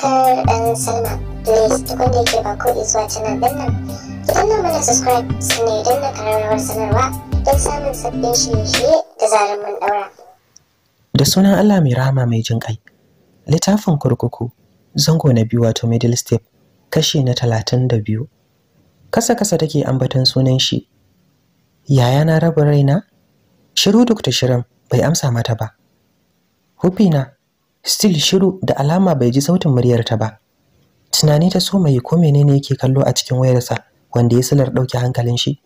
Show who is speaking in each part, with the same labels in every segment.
Speaker 1: subscribe and sign up. da subscribe sanarwa don samun sabbin shirye-shirye da zarar daura. Da sunan Allah mai mai jin kai. Littafin kurkuku zango na biyu wato middle step kashi na talatin da biyu. Kasa-kasa take ambaton sunan shi. Yaya na raba raina? Shiru duk da shirin bai amsa mata ba. Hufina still shiru da alama bai ji sautin muryarta ba tunani ta so mai ko menene yake kallo a cikin wayarsa wanda ya silar ɗauke hankalin shi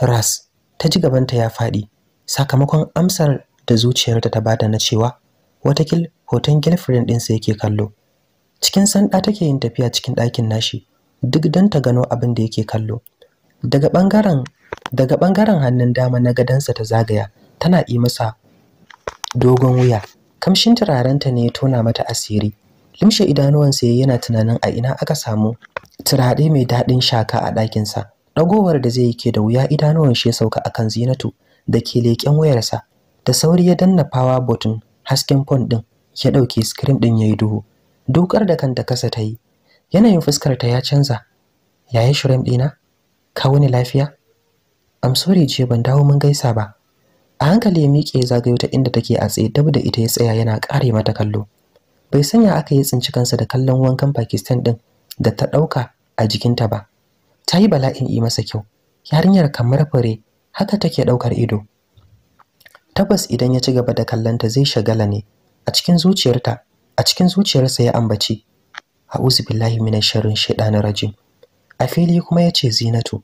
Speaker 1: ras ta ji gabanta ya faɗi sakamakon amsar da zuciyarta ta bada na cewa watakil hoton girlfriend ɗinsa yake kallo cikin sanda take yin tafiya cikin ɗakin nashi duk don ta gano abin da yake kallo daga ɓangaren daga bangaren hannun dama na gadansa ta zagaya tana yi masa dogon wuya kamshin turarenta ne ya tona mata asiri limshe idanuwansa yayi yana tunanin a ina aka samu turare mai daɗin shaka a ɗakinsa ɗagowar da zai yi ke da wuya idanuwan shi ya sauka kan zinatu da ke leƙen wayarsa da sauri ya danna power button hasken phone ɗin ya ɗauki screen ɗin ya yi duhu dukar da kanta kasa ta yi yanayin fuskar ta ya canza yaya shirin ɗina ka wani lafiya I'm sorry je ban dawo mun gaisa ba a hankali ya miƙe zagayo ta inda take a tsaye dab da ita ya tsaya yana ƙare mata kallo bai sanya aka yi tsinci kansa da kallon wankan Pakistan ɗin da ta ɗauka a jikinta ba ta yi bala'in yi masa kyau yarinyar kamar fure haka take ɗaukar ido tabbas idan ya ci gaba da kallonta zai shagala ne a cikin zuciyarta a cikin zuciyarsa ya ambaci a'udhu billahi minash sharrin na rajim a fili kuma ya ce zinatu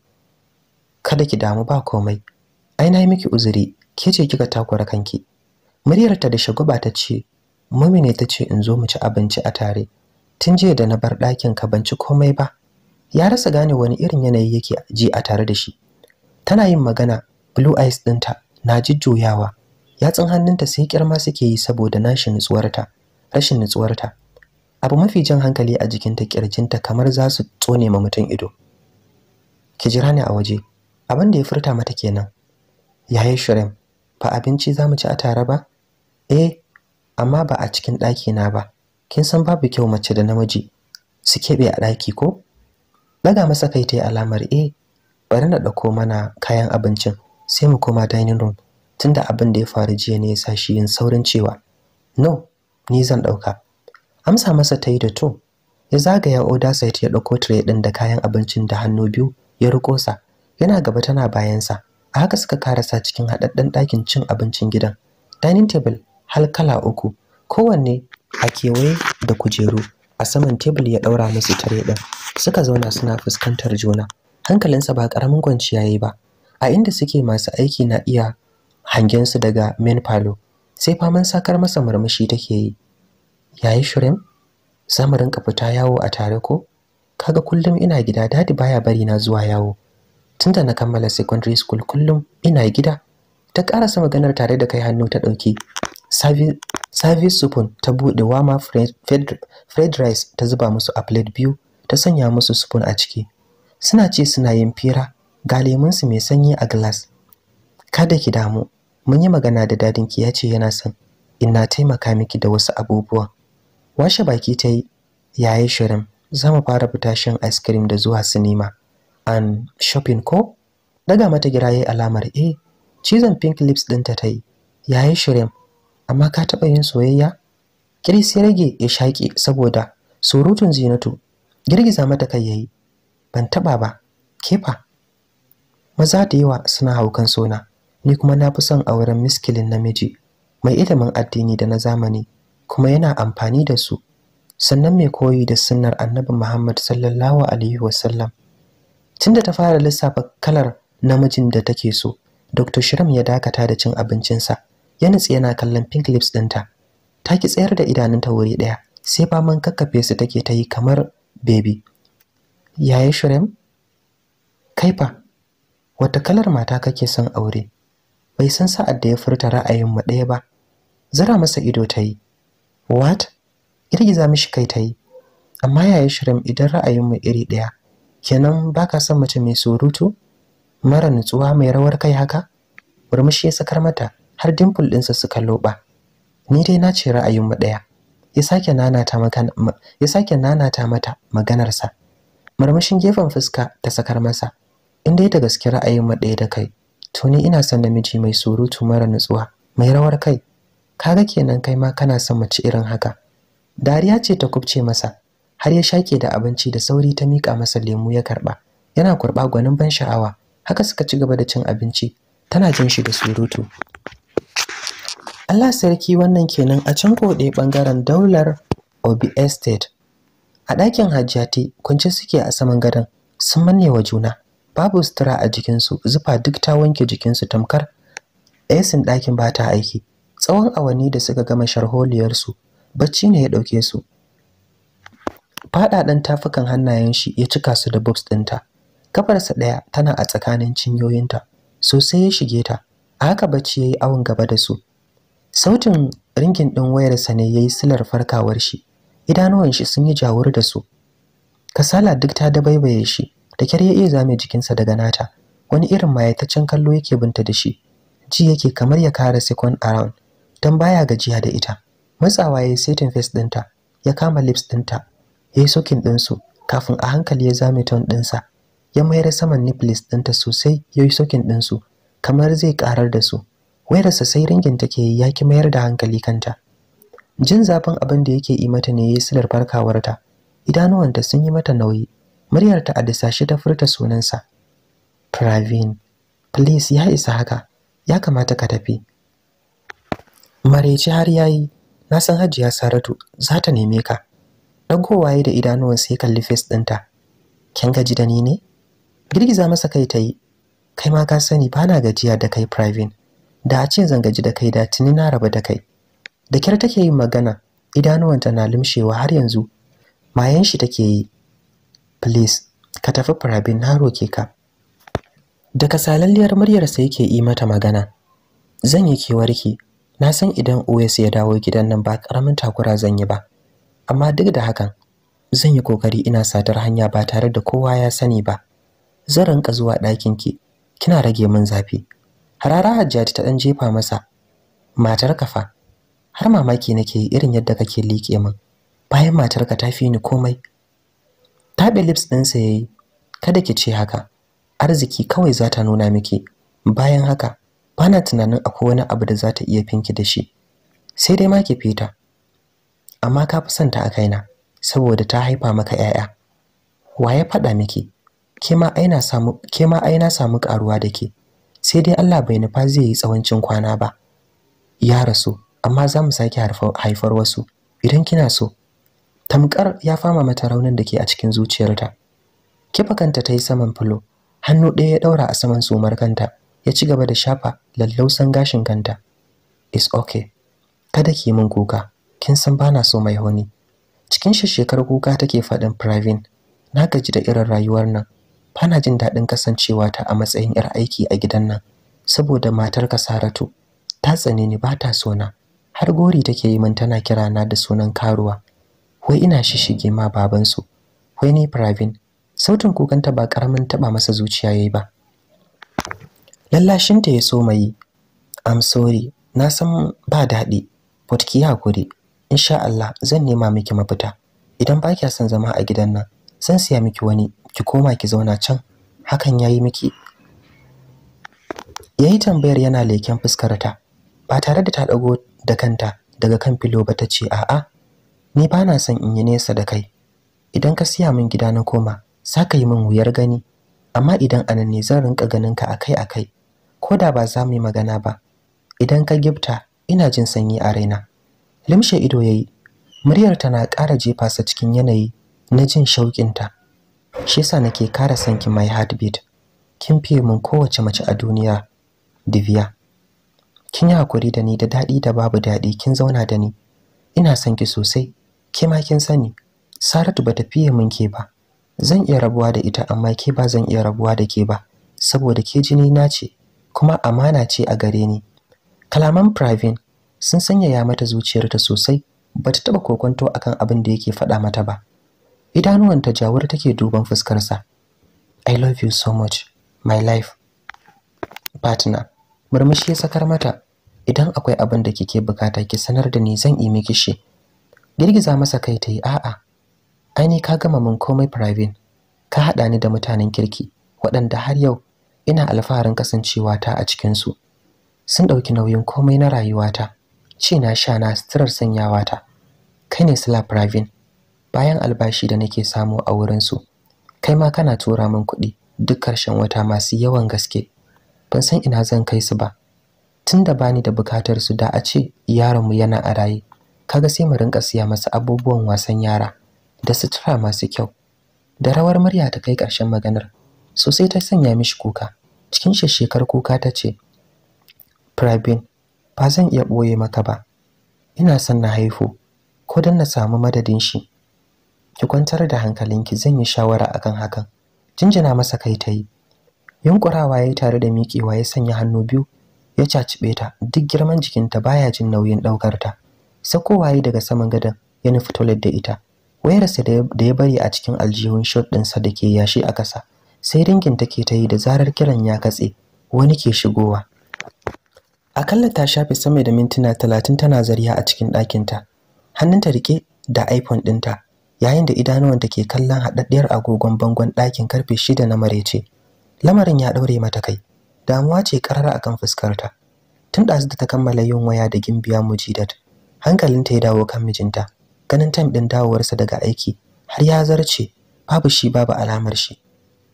Speaker 1: kada ki damu ba komai ai na yi miki uzuri ke ce kika takura kanki muryarta da shagwaba ta ce mumine ta ce in zo mu ci abinci a tare tun jiya da na bar ɗakin ka ban ci komai ba ya rasa gane wani irin yanayi yake ji a tare da shi tana yin magana blue eyes ɗinta na jujjuyawa yatsun hannunta sai kirma suke yi saboda nashin nutsuwarta rashin nutsuwarta abu mafi jan hankali a jikinta kirjinta kamar za su tsone ma mutum ido ki jira ni a waje abin da ya furta mata kenan yaya shirin ba abinci za mu ci a tare ba eh amma ba a cikin ɗaki na ba kin san babu kyau mace da namiji su keɓe a ɗaki ko Daga masa kai ta yi alamar eh bari na ɗauko mana kayan abincin sai mu koma dining room tunda abin da ya faru jiya ne ya sa shi yin saurin cewa no ni zan ɗauka amsa masa ta yi da to ya zagaya oda site ya ɗauko tire ɗin da kayan abincin da hannu biyu ya rukosa yana gaba tana bayansa a haka suka karasa cikin haɗaɗɗen ɗakin cin abincin gidan dining table har kala uku kowanne a kewaye da kujeru a saman tebul ya ɗaura musu tare ɗin suka zauna suna fuskantar juna hankalinsa ba ƙaramin kwanciya yayi ba a inda suke masu aiki na iya hangen su daga main palo sai faman sakar masa murmushi take yi yayi shirin za mu rinka fita yawo a tare ko kaga kullum ina gida dadi baya bari na zuwa yawo tunda na kammala secondary school kullum ina gida ta karasa maganar tare da kai hannu ta ɗauki service spoon ta buɗe wama fried rice ta zuba musu a plate biyu ta sanya musu spoon a ciki suna ce suna yin fira ga lemunsu mai sanyi a glass kada ki damu mun yi magana da ki ya ce yana son ina taimaka miki da wasu abubuwa washe baki ta yi yayi shirin za mu fara fita shan ice cream da zuwa sinima An shopping ko daga mata gira yayi alamar A. Eh, cizon pink lips dinta ta yi yayi shirin amma ka taɓa yin soyayya kiris ya rage ya shaƙi saboda surutun zinatu girgiza mata kai yayi ban taɓa ba kefa maza da yawa suna haukan sona ni kuma na fi son auren miskilin namiji mai ilimin addini da na zamani kuma yana amfani da su sannan mai koyi da sunnar annabi Muhammad sallallahu alaihi wasallam da ta fara lissafa kalar namijin da take so, Dr. Shiram ya dakata da cin abincinsa. Ya nutsi yana kallon pink lips ɗinta. Ta ki tsayar da idanunta wuri ɗaya, sai faman kakkafe su take ta yi kamar baby. Yaya Shiram? Kaifa, wata kalar mata kake son aure? Bai san sa'ad da ya furta ra'ayin mu ɗaya ba. Zira masa ido ta yi. What? Girgiza mishi kai ta yi. Amma yaya Shiram idan ra'ayin mu iri ɗaya, kenan baka son mace mai surutu mara nutsuwa mai rawar kai haka murmushi ya sakar mata har dimpul ɗinsa suka loba ni dai na ce ra'ayin mu ɗaya ya sake nanata mata maganarsa murmushin gefen fuska ta sakar masa in dai da gaske ra'ayin mu ɗaya da kai to ni ina son namiji mai surutu mara nutsuwa mai rawar kai kaga kenan kai ma kana son mace irin haka dariya ce ta kubce masa har ya shake da abinci da sauri ta mika masa lemu ya karba, yana kurɓa gwanin ban sha'awa haka suka ci gaba da cin abinci tana jin shi da surutu Allah sarki wannan kenan a can koɗe ɓangaren daular Obi Estate a ɗakin hajjati kunce suke a saman gadon sun manne wa juna babu sutura a jikinsu zufa duk ta wanke jikinsu tamkar esin ɗakin ba ta aiki tsawon awanni da suka gama sharholiyarsu bacci ne ya ɗauke su faɗaɗan tafukan hannayen shi ya cika su da bobs ɗinta kafarsa ɗaya tana a tsakanin cinyoyinta sosai ya shige ta a haka bacci ya yi awon gaba da su sautin ringin ɗin wayarsa ne ya yi silar farkawar shi idanuwan shi sun yi jawur da su kasala duk ta dabaibaye shi da kyar ya iya zame jikinsa daga nata wani irin mayataccen kallo yake binta da shi ji yake kamar ya kara second around don baya gajiya da ita matsawa ya yi setin face ɗinta ya kama lips ɗinta ya yi sokin ɗinsu kafin a hankali ya zame ton ɗinsa ya mayar saman niflis ɗinta sosai ya yi sokin ɗinsu kamar zai ƙarar da su wayarsa sai ringin take yi ya ki mayar da hankali kanta jin zafin abin da yake yi mata ne ya yi silar farkawarta idanuwanta sun yi mata nauyi muryarta a disashe ta furta sunansa pravin Plis ya isa haka ya kamata ka tafi mareci har yayi na san hajiya saratu za ta neme ka dagowa ya da idanuwan sai kalli face ɗinta kin gaji da ni ne girgiza masa kai ta yi kai ma ka sani ba na gajiya da kai private da a ce zan gaji da kai da tuni na raba da kai da kyar take yin magana idanuwanta na lumshewa har yanzu mayan shi take yi please ka tafi private na roke ka da kasalalliyar muryarsa yake yi mata magana zan yi kewarki na san idan OS ya dawo gidan nan ba karamin takura zan yi ba amma duk da hakan zan yi kokari ina satar hanya ba tare da kowa ya sani ba zan rinka zuwa ɗakin ki kina rage min zafi harara hajjati ta ɗan jefa masa matar kafa har mamaki nake irin yadda kake liƙe min bayan matarka ta fi ni komai taɓe lips ɗinsa ya yi kada ki ce haka arziki kawai za ta nuna miki bayan haka bana tunanin akwai wani abu da za ta iya finki da shi sai dai ma ki fita amma ka fi son ta a kaina saboda ta haifa maka 'ya'ya wa ya faɗa miki ke ma ai na samu ƙaruwa da ke sai dai Allah bai nufa zai yi tsawancin kwana ba ya rasu amma za mu sake haifar wasu idan kina so tamkar ya fama mata raunin da ke a cikin zuciyarta kifa kanta ta yi saman filo hannu ɗaya ya ɗaura a saman sumar kanta ya ci gaba da shafa lallausan gashin kanta it's okay kada ki min kuka kin san bana so mai honi cikin shekar kuka take faɗin Pravin na gaji da irin rayuwar nan bana jin daɗin kasancewa ta a matsayin yar aiki a gidan nan saboda matar ka Saratu ta tsane ni ba ta so na har gori take yi min tana kira na da sunan karuwa wai ina shishige ma babansu wai ni Pravin sautin kukanta ba karamin taba masa zuciya yayi ba Lallashin ta ya so mai I'm sorry na san ba daɗi but ki hakuri insha Allah zan nema miki mafita idan ba kya son zama a gidan nan zan siya miki wani ki koma ki zauna can hakan yayi miki yayi tambayar yana leken fuskar ta ba tare da ta dago da kanta daga kan filo ba ta ce a'a ni ba na son in yi nesa da kai idan ka siya min gida na koma za ka yi min wuyar gani amma idan anan ne zan rinka ganin ka akai-akai ko da ba za mu yi magana ba idan ka gifta ina jin sanyi a raina limshe ido yayi muryar ta na ƙara jefa sa cikin yanayi na jin shauƙin ta shi yasa nake kara son ki my heartbeat kin fiye mun kowace mace a duniya Divya kin yi hakuri da ni da daɗi da babu daɗi kin zauna da ni ina son ki sosai ke ma kin sani Saratu bata fiye mun ke ba zan iya rabuwa da ita amma ke ba zan iya rabuwa da ke ba saboda ke jini na ce kuma amana ce a gare ni kalaman Pravin sun sanyaya mata zuciyarta sosai ba ta taba kokonto akan abin da yake faɗa mata ba idanuwanta jawar take duban fuskarsa i love you so much my life partner murmushi ya sakar mata idan akwai abin da kike bukata ki sanar da ni zan yi miki shi girgiza masa kai ta yi a'a ai ka gama min komai private ka haɗa ni da mutanen kirki waɗanda har yau ina alfaharin kasancewata ta a cikinsu sun ɗauki nauyin komai na rayuwata ce na sha na sitirar sanyawa ta kai ne slapravin bayan albashi da nake samu a wurinsu kai ma kana tura min kuɗi duk karshen wata masu yawan gaske ban san ina zan kai su ba tun da bani da bukatar su da a ce yaronmu yana a raye kaga sai mu rinka siya masa abubuwan wasan yara da sutura masu kyau da rawar murya ta kai ƙarshen maganar sosai ta sanya mishi kuka cikin shekar kuka ta ce Pravin ba zan iya ɓoye maka ba ina son na haihu ko don na samu madadin shi ki kwantar da hankalinki zan yi shawara akan hakan jinjina masa kai ta yi yunkurawa ya yi tare da miƙewa ya sanya hannu biyu ya cacibe ta duk girman jikinta baya jin nauyin ɗaukar ta sakowa daga saman gadon ya nufi toilet da ita wayarsa da ya bari a cikin aljihun shot ɗinsa da ke yashi a ƙasa sai dingin take ta yi da zarar kiran ya katse wani ke shigowa Akalla ta shafe sama da mintuna talatin tana zariya a cikin ɗakinta. Hannunta rike da iPhone ɗinta, yayin da idanuwanta ke kallon haɗaɗɗiyar agogon bangon ɗakin karfe shida na marece. Lamarin ya ɗaure mata kai, damuwa ce ƙarara akan fuskarta. Tun ɗazu da ta kammala yin waya da gimbiya mujidat, hankalinta ya dawo kan mijinta. Ganin tam ɗin dawowarsa daga aiki har ya zarce babu shi babu alamar shi.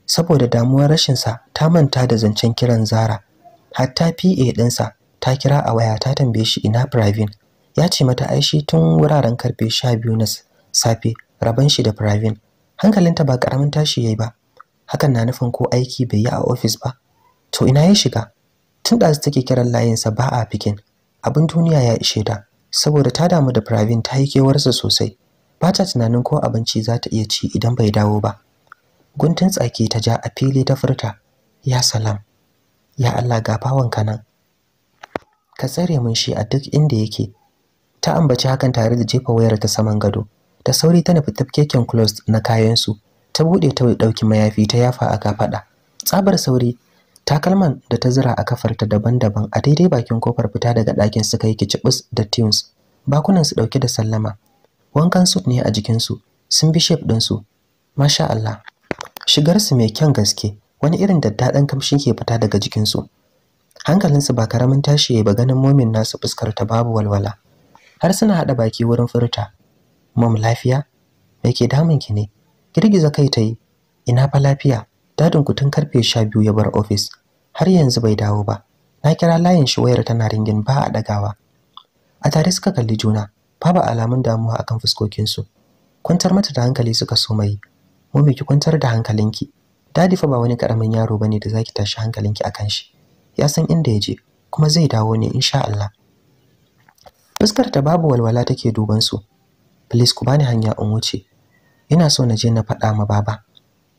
Speaker 1: Saboda damuwar rashinsa ta manta da zancen kiran Zara, hatta PA ɗinsa ta kira a waya ta tambaye shi ina Pravin ya ce mata Aishi tun wuraren karfe 12 na safe raban shi da Pravin hankalinta ba karamin tashi yayi ba hakan na nufin ko aiki bai yi a ofis ba to ina ya shiga tun da take kiran layinsa ba a fikin abin duniya ya ishe ta saboda ta damu da Pravin ta yi kewarsa sosai ba ta tunanin ko abinci za ta iya ci idan bai dawo ba guntun tsaki ta ja a fili ta furta ya salam ya Allah ga bawanka nan ka tsare min shi a duk inda yake ta ambaci hakan tare da jefa wayar ta saman gado ta sauri ta nufi tafkeken closed na kayan su ta bude ta dauki mayafi ta yafa a kafada tsabar sauri takalman da ta zira a kafar ta daban-daban a daidai bakin kofar fita daga ɗakin suka yi kicibus da tunes bakunan su dauke da sallama wankan suit ne a jikin su sun bi shape din su masha Allah shigar su mai kyan gaske wani irin daɗin kamshi ke fita daga jikin su hankalinsu ba karamin tashi ya ba ganin momin nasu fuskar ta babu walwala har suna haɗa baki wurin furta mom lafiya me ke damun ki ne girgiza kai ta yi ina fa lafiya dadin ku tun karfe sha biyu ya bar ofis har yanzu bai dawo ba na kira layin shi wayar tana ringin ba a ɗagawa a tare suka kalli juna babu alamun damuwa akan fuskokinsu kwantar mata da hankali suka so mai mu ki kwantar da hankalinki dadi fa ba wani karamin yaro bane da zaki tashi hankalinki akan shi ya san inda ya je kuma zai dawo ne insha Allah fuskar ta babu walwala take duban su please ku bani hanya in wuce ina so na je na faɗa ma baba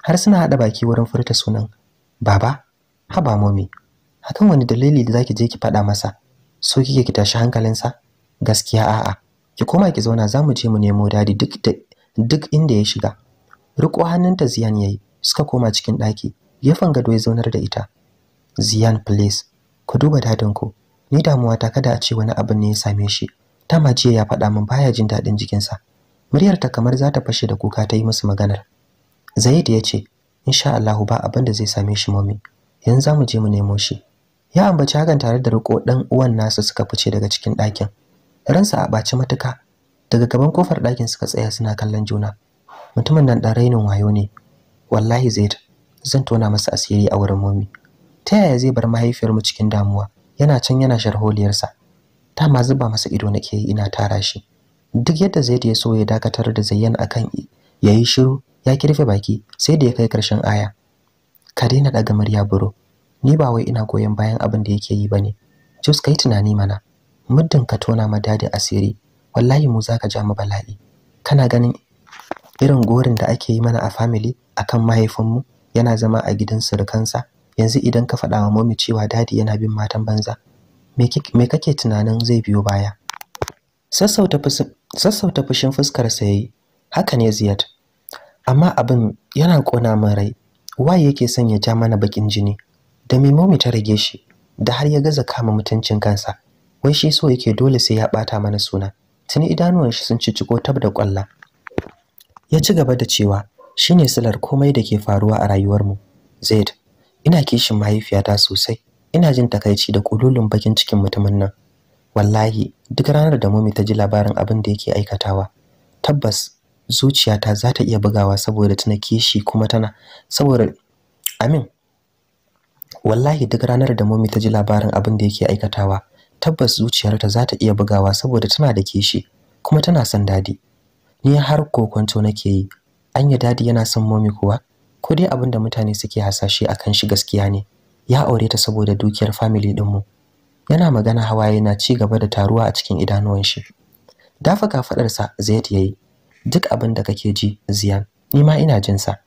Speaker 1: har suna haɗa baki wurin furta sunan baba haba momi Hakan wani dalili da zaki je ki faɗa masa so kike ki tashi hankalinsa gaskiya a'a ki koma ki zauna zamu je mu nemo dadi duk duk inda ya shiga riko hannunta ziyan yayi suka koma cikin ɗaki gefen gado ya zaunar da ita Zian please ku duba dadin ku ni damuwa ta kada a ce wani abu ne ya same shi tama jiya ya faɗa min baya jin dadin jikinsa muryar ta kamar za ta fashe da kuka ta yi musu maganar Zaid ya ce insha Allah ba abin da zai same shi mami yanzu za mu je mu nemo shi ya ambaci hakan tare da riko dan uwan nasa suka fice daga cikin ɗakin ransa a ɓaci matuka daga gaban kofar ɗakin suka tsaya suna kallon juna mutumin nan ɗan rainin wayo ne wallahi zaid zan tona masa asiri a wurin momi ta yaya zai bar mahaifiyarmu cikin damuwa yana can yana sharholiyarsa ta ma zuba masa ido nake yi ina tara shi duk yadda zai ya so ya dakatar da Zayyan akan yayi shiru ya kirfe baki sai da ya kai karshen aya ka daina daga murya buro ni ba wai ina goyon bayan abin da yake yi ba ne. bane ka yi tunani mana muddin ka tona ma dadi asiri wallahi mu ka ja mu bala'i kana ganin irin gorin da ake yi mana a family akan mahaifinmu yana zama a gidan surukansa yanzu idan ka faɗa wa mami cewa dadi yana bin matan banza me kake tunanin zai biyo baya sassauta fushin fuskar sa yayi haka ne ziyad amma abin yana kona min rai waye yake son ya ja mana bakin jini da me mami ta rage shi da har ya gaza kama mutuncin kansa wai shi so yake dole sai ya bata mana suna tuni idanuwan shi sun cicciko tab da kwalla ya ci gaba da cewa shine silar komai da ke faruwa a rayuwarmu zaid ina kishin mahaifiyata sosai ina jin takaici da kululun bakin cikin mutumin nan wallahi duk ranar da mummy ta ji labarin abin da yake aikatawa tabbas zuciyata za ta iya bugawa saboda tana kishi kuma tana saboda amin wallahi duk ranar da mummy ta ji labarin abin da yake aikatawa tabbas zuciyarta za ta iya bugawa saboda tana da kishi kuma tana son dadi ni har kokonto nake yi anya dadi yana son mummy kuwa ko dai abin da mutane suke hasashe akan shi gaskiya ne ya aure ta saboda dukiyar family dinmu yana magana hawaye yana ci gaba da taruwa a cikin idanuwan shi dafa fadarsa Zaid yayi duk abin da kake ji Ziyan ni ma ina jin sa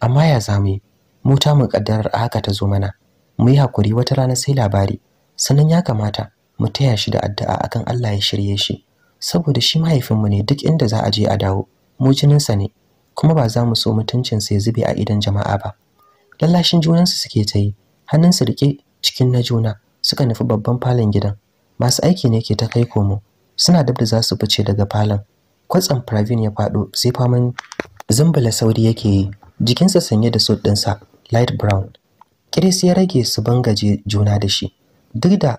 Speaker 1: amma ya zame mu ta mu kaddarar haka ta zo mana mu yi hakuri wata rana sai labari sanan ya kamata mu taya shi da addu'a akan Allah ya shirye shi saboda shi mahaifinmu ne duk inda za a je a dawo mu jininsa ne kuma ba za mu so mutuncin ya zube a idan jama'a ba lallashin junansu suke ta yi hannunsu riƙe cikin na juna suka nufi babban falon gidan masu aiki ne ke ta kai komo suna dab da za su fice daga falon kwatsan pravin ya faɗo sai faman zumbula sauri yake yi jikinsa sanye da sut ɗinsa light brown kiris ya rage su bangaje juna da shi duk da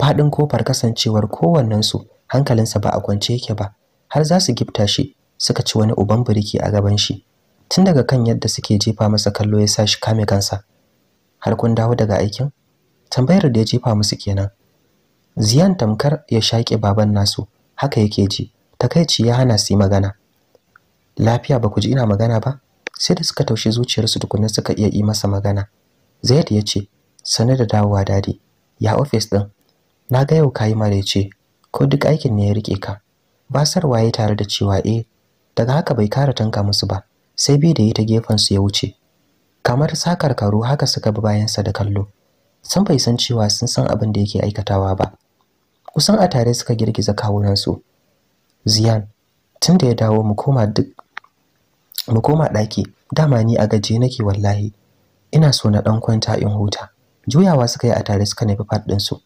Speaker 1: faɗin kofar kasancewar kowannensu hankalinsa ba a kwance yake ba har za su gifta shi suka ci wani uban birki a gaban shi tun daga kan yadda suke jefa masa kallo ya sa shi kame kansa har kun dawo daga aikin tambayar da ya jefa musu kenan ziyan tamkar ya shaƙe baban nasu haka yake ji takaici ya hana su magana lafiya ba ku ji ina magana ba sai da suka taushe zuciyarsu tukunna suka iya yi masa magana zaid ya ce sane da dawowa dadi ya ofis din na ga yau kayi mare ce ko duk aikin ne ya rike ka basarwa ya tare da cewa eh daga haka bai kara tanka musu ba sai bi da ita ta gefen su ya wuce kamar sakar karo haka suka bi bayansa da kallo san bai san cewa sun san abin da yake aikatawa ba kusan a tare suka girgiza kawunansu ziyan tun da ya dawo mu koma duk mu koma ɗaki dama ni a gaje nake wallahi ina so na ɗan kwanta in huta juyawa suka yi a tare suka nufi faɗin su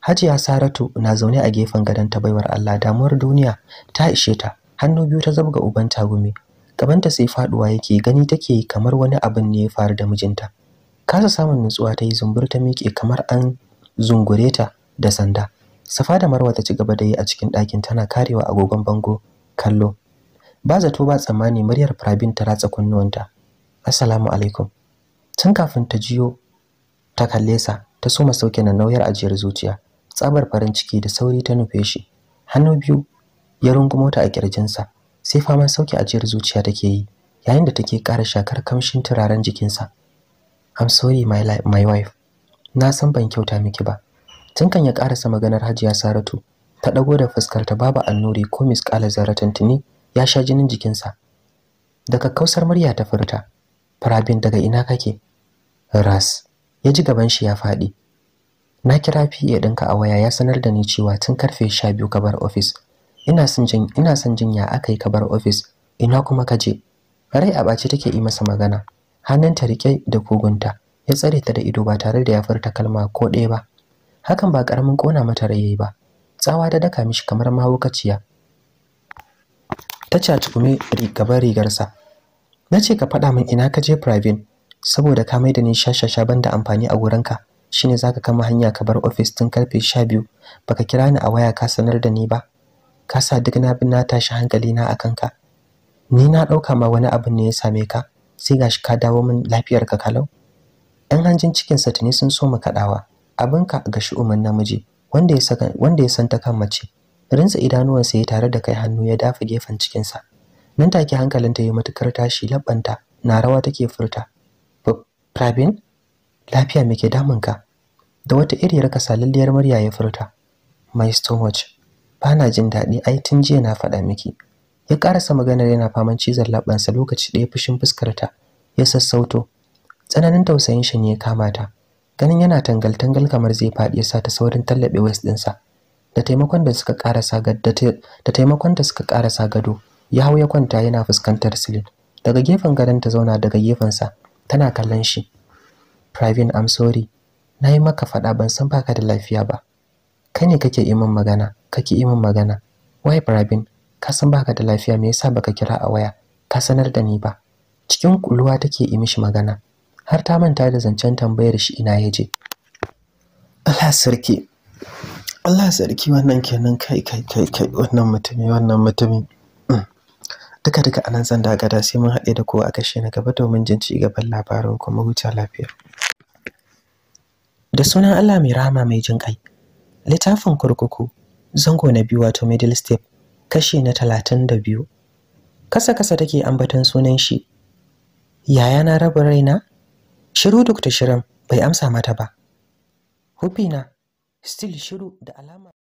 Speaker 1: hajiya saratu na zaune a gefen gadon ta baiwar allah damuwar duniya ta ishe ta hannu biyu ta zabga uban tagumi gabanta sai faduwa yake gani take kamar wani abin ne ya faru da mijinta kasa samun nutsuwa ta yi zumbur ta miƙe kamar an zungure ta da sanda safa da marwa ta ci gaba da yi a cikin ɗakin tana karewa agogon bango kallo ba zato ba tsammani muryar Pravin ta ratsa kunnuwanta assalamu alaikum tun kafin ta jiyo ta kalle sa ta soma sauke na nauyar ajiyar zuciya tsabar farin ciki da sauri ta nufe shi hannu biyu ya rungu mota a kirjinsa sai faman sauki ajiyar zuciya take yi yayin da take ƙara shakar kamshin turaren jikinsa I'm sorry my life, my wife na san ban kyauta miki ba tun kan ya karasa maganar Hajiya Saratu ta ɗago da fuskar ta babu annuri ko misƙala zaratan tuni ya sha jinin jikinsa daga kausar murya ta furta farabin daga ina kake ras ya ji gaban shi ya faɗi na kira fiye ɗinka a waya ya sanar da ni cewa tun karfe 12 ka bar office ina son jin ina son jin ya aka yi ka bar office ina kuma ka je rai a ɓace take yi masa magana hannunta rike da kogunta ya tsare ta da ido ba tare da ya furta kalma ko ɗaya ba hakan ba karamin kona mata rai yayi ba tsawa da daka mishi kamar mahaukaciya ta catukume gaban rigarsa na ce ka faɗa min ina ka je private saboda ka mai da ni shashasha banda amfani a gurinka shine zaka kama hanya ka bar office tun karfe 12 baka kira ni a waya ka sanar da ni ba ka sa duk na bin na tashi hankali na akan ka ni na ɗauka ma wani abu ne ya same ka sai gashi ka dawo min lafiyar ka kalau ɗan hanjin cikin sa tuni sun so mu kaɗawa ka ga umman namiji wanda ya saka wanda ya santa kan mace rinsa idanuwan sa ya tare da kai hannu ya dafa gefen cikinsa nan take hankalinta ya matukar tashi labbanta na rawa take furta Pravin lafiya me ke ka? da wata iriyar kasalalliyar murya ya furta my stomach bana jin daɗi ai tun jiya na faɗa miki ya karasa maganar yana faman cizon labansa lokaci ɗaya fushin fuskarta ya sassauto tsananin tausayin shi ne ya kama ta ganin yana tangal tangal kamar zai faɗi yasa ta saurin tallabe waist ɗinsa da taimakon da suka karasa da taimakon da suka karasa gado ya hau ya kwanta yana fuskantar silin daga gefen gadon ta zauna daga gefen sa, tana kallon shi Pravin I'm sorry na yi maka faɗa ban san baka da lafiya ba kai ne kake imin magana kake imin magana wai Rabin ka san baka da lafiya me yasa baka kira a waya ka sanar da ni ba cikin kuluwa take yi mishi magana har ta manta da zancen tambayar shi ina yaje Allah sarki Allah sarki wannan kenan kai kai kai kai wannan mutumi wannan mutumi mm. duka duka anan zan da sai mun haɗe da kowa a kashe na gaba domin jin ci gaban labarin kuma huta lafiya da sunan Allah mai rahama mai jin kai littafin kurkuku zango na biyu wato middle step kashi na talatin da biyu kasa kasa take ambaton sunan shi yaya na raba raina shiru duk da shirin bai amsa mata ba hufina still shiru da alama